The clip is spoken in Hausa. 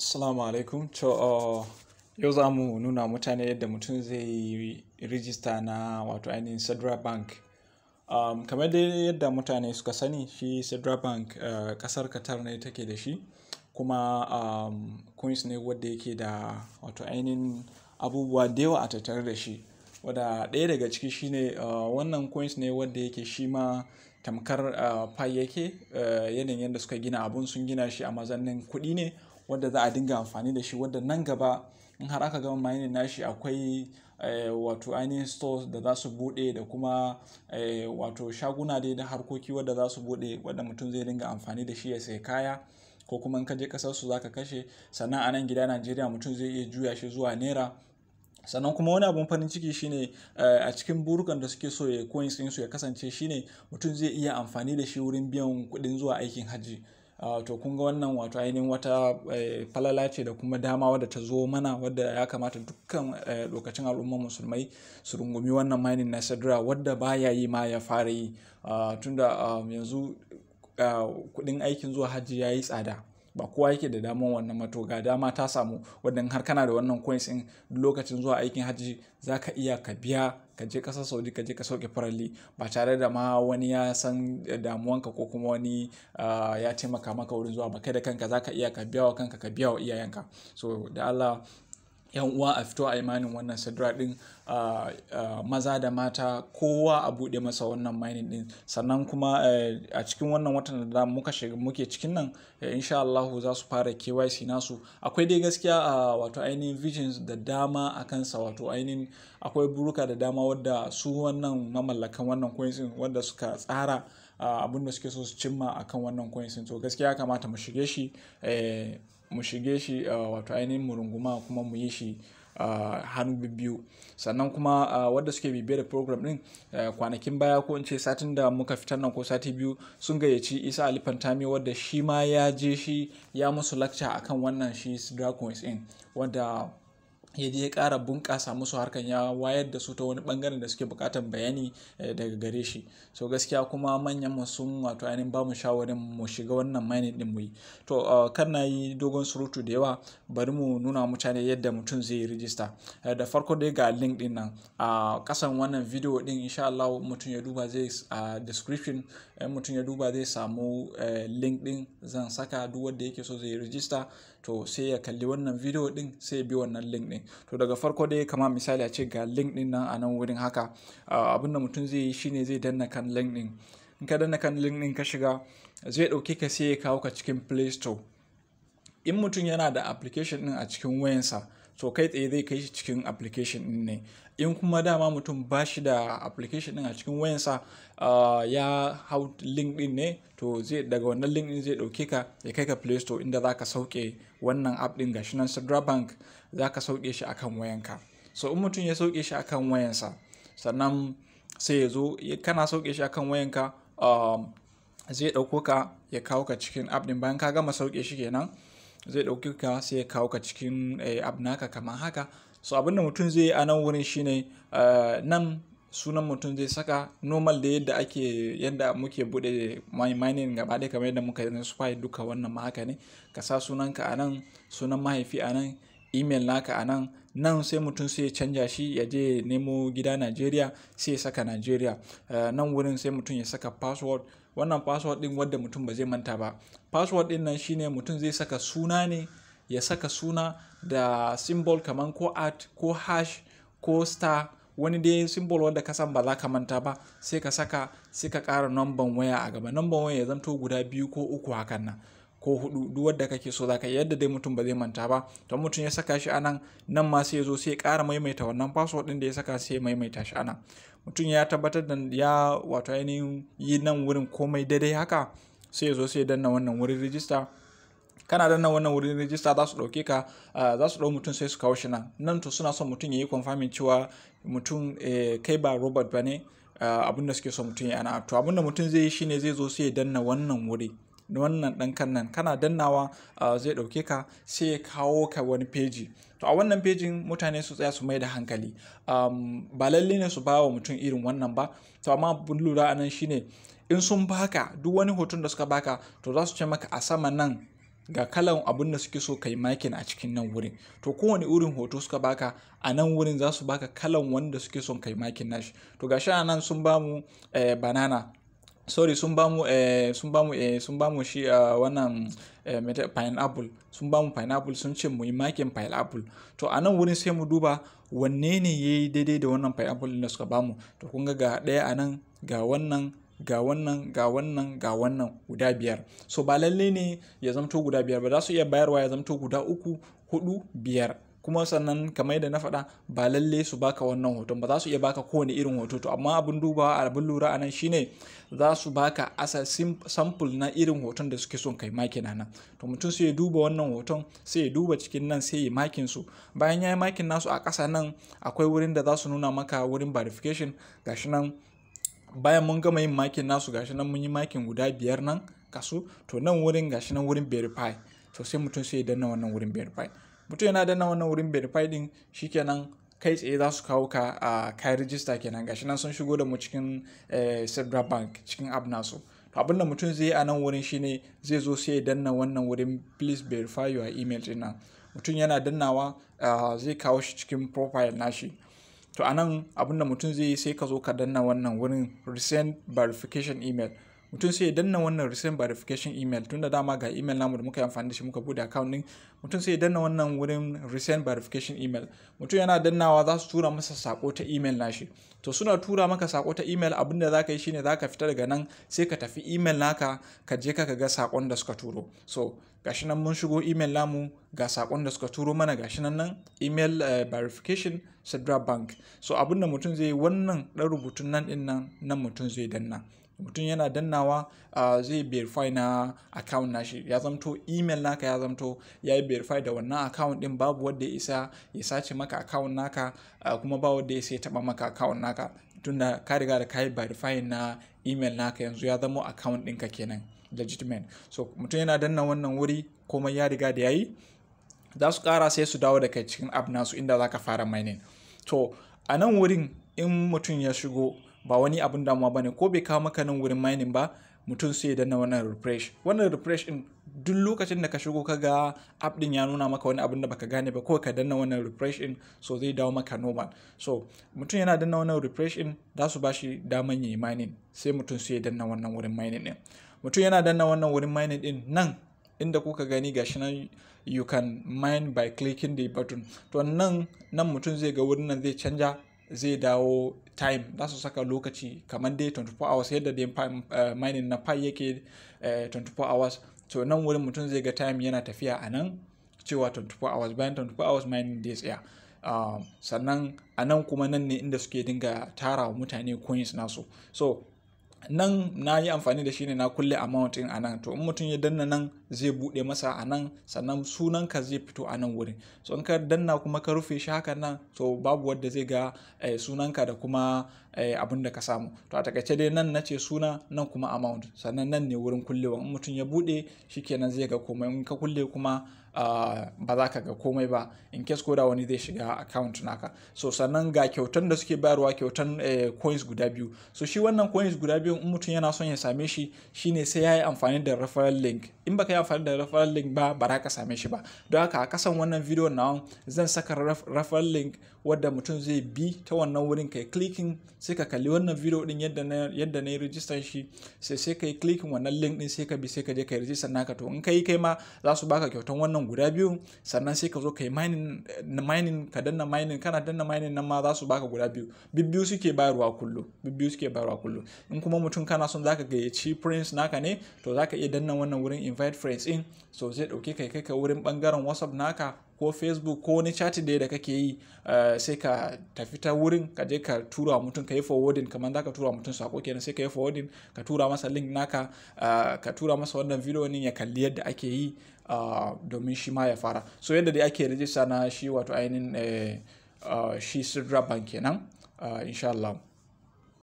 Assalamu alaikum. To, uh, yau za mu nuna mutane yadda mutum zai rijista na wato ainihin Sadra Bank. Um, kamar dai yadda mutane suka sani shi Sadra Bank uh, kasar Qatar ne take da shi kuma um, ne wadda yake da wato ainihin abubuwa da yawa a tattare da shi. Wadda ɗaya daga ciki shi uh, wannan coins ne wadda yake shi ma tamkar uh, yake uh, yanayin yadda suka gina abun sun gina shi a mazannin kuɗi ne. wadda za a dinga amfani da shi wadda nan gaba in har aka gama mining nashi akwai eh, wato ainihin stores da za su bude da kuma eh, wato shaguna dai da harkoki wadda za su bude wadda mutum zai dinga amfani da shi ya sai kaya ko kuma in ka je kasar su zaka kashe sannan a nan gida Najeriya mutum zai iya juya shi zuwa naira sannan kuma wani abun farin ciki shine eh, a cikin burukan da suke so ya coins su ya kasance shine mutum zai iya amfani da shi wurin biyan kuɗin zuwa aikin hajji Ah, to kun ga wannan wato ainihin wata eh, falala ce da kuma dama wadda ta zo mana wadda ya kamata dukkan lokacin eh, al'ummar musulmai su rungumi wannan mainin na sadra wadda baya yi ma ya fara yi ah, tunda ah, yanzu kudin aikin zuwa hajji ya yi tsada ba kowa yake da damar wannan mato ga dama ta samu wannan har kana da wannan coins in lokacin zuwa aikin hajji za ka iya ka biya ka je kasar saudi ka je ka sauke farali ba tare da ma wani ya san damuwanka ko kuma wani ah, ya taimaka maka wurin zuwa ba kai da kanka za ka iya ka biya wa kanka ka biya wa iyayenka so da allah yan uwa a fito a imanin wannan sadra din maza da mata kowa a buɗe masa wannan mining din sannan kuma eh, a cikin wannan watan da muka shiga muke cikin nan eh, insha Allah za su fara KYC nasu akwai dai gaskiya a wato ainihin visions da dama a kansa wato ainihin akwai buruka da dama wadda su wannan mamallakan wannan coins wadda suka tsara abin da suke so su cimma akan wannan coins to gaskiya kamata mu shige shi eh, mu shige shi wato ainihin mu runguma kuma mu yi shi hannu biyu sannan kuma wadda suke bibiyar da program din kwanakin baya ko in ce satin da muka fitar nan ko sati biyu sun gayyaci isa ali fantami wadda shi ma ya je shi ya musu lakca akan wannan shi dragons in wadda ya je ya ƙara bunƙasa musu harkan ya wayar da su ta wani ɓangaren da suke buƙatar bayani eh, daga gare shi so gaskiya kuma manyan mu sun wato ainihin ba mu shawarin mu shiga wannan mining ɗin mu yi to eh, kan na yi dogon surutu da yawa bari mu nuna mutane yadda mutum zai yi rijista eh, da farko dai ga link din nan a kasan wannan video din insha Allah mutum ya duba zai a description mutum ya duba zai samu link din zan saka duk wanda yake so zai rajista. to sai ya kalli wannan video din sai bi wannan link din to daga farko dai kama misali a ce ga link din nan a nan wurin haka abinda mutum zai yi shine zai danna kan link din in ka danna kan link din ka shiga zai dauke ka sai ya kawo ka cikin play store in mutum yana da application din a cikin wayansa to kai tsaye zai kai shi cikin application din ne in kuma dama mutum ba shi da application ɗin a cikin wayansa ah, ya hau link ɗin ne to zai daga wannan link ɗin zai ɗauke ka ya kai ka play store inda za ka sauke wannan app ɗin gashi nan sadra bank za ka sauke shi akan wayanka so in mutum ya sauke shi akan wayansa sannan sai ya zo kana sauke shi akan wayanka ah, zai ɗauko ka ya kawo ka cikin app ɗin bayan ka gama sauke shi kenan zai ɗauki ka sai ya kawo ka cikin eh, app naka kamar haka so abin da mutum zai yi a nan wurin shine eh, nan sunan mutum zai saka normal da yadda ake yadda muke bude mining gaba ɗaya kamar yadda muka yi spy duka wannan ma haka ne ka sa sunanka a nan sunan mahaifi a nan email naka a nan nan sai mutum sai ya canja shi ya je nemo gida Najeriya sai ya saka Najeriya eh, nan wurin sai mutum ya saka password wannan password din wadda mutum ba zai manta ba password din nan shine mutum zai saka suna ne ya saka suna da symbol kamar ko art ko hash ko star wani dai symbol wanda ka san ba za ka manta ba sai ka saka sai ka ƙara namban waya a gaba namban waya ya zanto guda biyu ko uku hakan nan ko hudu duk wadda kake so zaka yadda dai mutum ba zai manta ba to mutum ya saka shi anan nan ma sai ya zo sai ya ƙara maimaita wannan password din da ya saka sai ya maimaita shi anan mutum ya tabbatar da ya wato ainihin yi nan wurin komai daidai haka sai ya zo sai ya danna wannan wurin rijista kana danna wannan wurin rijista za su ɗauke ka za su ɗau mutum sai su kawo shi nan nan to suna son mutum ya yi confirming cewa mutum eh, kai ba robot ba ne abin da suke so mutum ya ana to abin da mutum zai yi shine zai zo sai ya danna wannan wuri wannan ɗan kannan kana dannawa zai ɗauke ka sai ya kawo ka wani peji to a wannan pejin mutane su tsaya su mai da hankali ba lalle ne su bawa mutum irin wannan ba to amma lura a nan shine in sun baka duk wani hoton da suka baka to za su ce maka a sama nan ga kalan abin da suke so kai makin a cikin nan wurin to kowane irin hoto suka baka a nan wurin za su baka kalan wanda suke son kai makin nashi to gashi a nan sun bamu eh, banana sorry sun bamu eh, sun mu eh, sun mu shi a ah, wannan eh, pineapple sun mu pineapple sun ce mu yi makin pineapple to a nan wurin sai mu duba wanne ne ya yi daidai da wannan pineapple da suka bamu to kun ga ga ɗaya a nan ga wannan ga wannan ga wannan ga wannan guda biyar so ba lalle ne ya zamto guda biyar ba za su iya bayarwa ya zamto guda uku hudu biyar kuma sannan kamar yadda na faɗa ba lalle su baka wannan hoton ba za su iya baka kowane irin hoto to amma abin dubawa abin lura a nan shine za su baka asa sample na irin hoton da suke son kai makin nan to mutum sai ya duba wannan hoton sai ya duba cikin nan sai ya makin su bayan ya yi makin nasu a ƙasa nan akwai wurin da za su nuna maka wurin verification gashi nan bayan mun gama yin makin nasu gashi nan mun yi makin guda biyar nan kasu to nan wurin gashi nan wurin verify to sai mutum sai ya danna wannan wurin verify mutum yana danna wannan wurin verify shi kenan kai tsaye za su kawo ka a kai register kenan gashi nan sun shigo da mu cikin eh, Central Bank cikin app nasu to abin da mutum zai yi a nan wurin shine zai zo sai ya danna wannan wurin please verify your email din nan mutum yana dannawa zai kawo shi cikin profile nashi to anan abin da mutum zai yi sai ka zo ka danna wannan wurin recent verification email mutum sai ya danna wannan recent verification email tunda dama ga email namu da muka yi amfani da shi muka bude account din mutum sai ya danna wannan wurin recent verification email mutum yana dannawa za su tura masa sako ta email nashi to suna tura maka sako ta email abinda za ka yi shine za ka fita daga nan sai ka tafi email naka ka je ka ga sakon da suka turo so gashi nan mun shigo email namu ga sakon da suka turo mana gashi nan nan email uh, verification Sidra bank so abinda mutum zai yi wannan dan rubutun nan din nan mutum zai danna mutum yana dannawa uh, zai verify na account nashi ya zamto email naka ya zamto ya yi verify da wannan account din babu wanda ya isa ya sace maka account naka uh, kuma ba wanda ya sai taba maka account naka tunda ka riga da kayi verify na email naka yanzu ya zamo account ɗinka kenan legitimate so mutum yana danna wannan wuri komai ya riga da yayi za su kara sai su dawo da kai cikin app nasu inda za ka fara mining to a nan wurin in mutum ya shigo ba wani abin damuwa ba ne ko bai kawo maka nan wurin mining ba mutum sai danna wannan refresh wannan refresh din duk lokacin da ka shigo ka ga app din ya nuna maka wani abin da baka gane ba ko ka danna wannan refresh din so zai dawo maka normal so mutum yana danna wannan refresh din za su bashi daman yi mining sai mutum sai ya danna wannan wurin mining din mutum yana danna wannan wurin mining din nan inda kuka gani gashi nan you can mine by clicking the button to nan nan mutum zai ga wurin nan zai canja zai dawo time za su saka lokaci kamar dai 24 hours yadda dai eh, mining na pi yake 24 eh, hours to nan wurin mutum zai ga time yana tafiya a nan cewa 24 hours bayan 24 hours mining dai tsaya um, sannan a nan kuma nan ne inda suke dinga tara mutane coins nasu so nan na yi amfani da shi ne na kulle amount a nan, to in mutum ya danna nan zai buɗe masa a nan, sannan sunan ka zai fito a nan wurin so in ka danna kuma ka rufe shi haka nan to babu wadda zai ga eh, sunan ka da kuma eh, abin da ka samu to a takaice dai nan na ce suna nan kuma amount sannan nan ne wurin kullewa in mutum ya buɗe bude shikenan zai ga komai in ka kulle kuma ba za ka ga komai ba in case ko da wani zai shiga account naka so sannan ga kyautan da suke bayarwa kyautan eh, coins guda biyu so shi wannan coins guda biyu in mutum yana son ya same shi shine sai ya yi amfani da referral link in baka yi amfani da referral link ba ba za ka same shi ba don haka a kasan wannan video na zan saka referral link wadda mutum zai bi ta wannan wurin kai clicking sai ka kalli wannan video din yadda na yadda na yi rijistan shi sai sai kai clicking wannan link din sai ka bi sai ka je kai register naka to in kai kai ma za su baka kyautan wannan wannan guda biyu sannan sai ka zo ka yi eh, mining ka danna mining kana danna mining nan ma za su baka guda biyu bibbiyu suke bayarwa kullum bibbiyu suke bayarwa kullum in kuma mutum kana son zaka gayyaci friends naka ne to zaka iya danna wannan wurin invite friends in so zai dauke kai kai ka wurin bangaren whatsapp naka ko facebook ko wani chati da kake yi eh, sai ka tafi ta wurin ka je ka tura mutum ka yi forwarding kamar za ka tura mutum sako kenan sai ka yi forwarding ka tura masa link naka eh, ka tura masa wannan video ne ya kalli yadda ake yi eh, domin shi ma ya fara so yadda dai ake rijista na shi wato ainihin shi sirra bank kenan insha Allah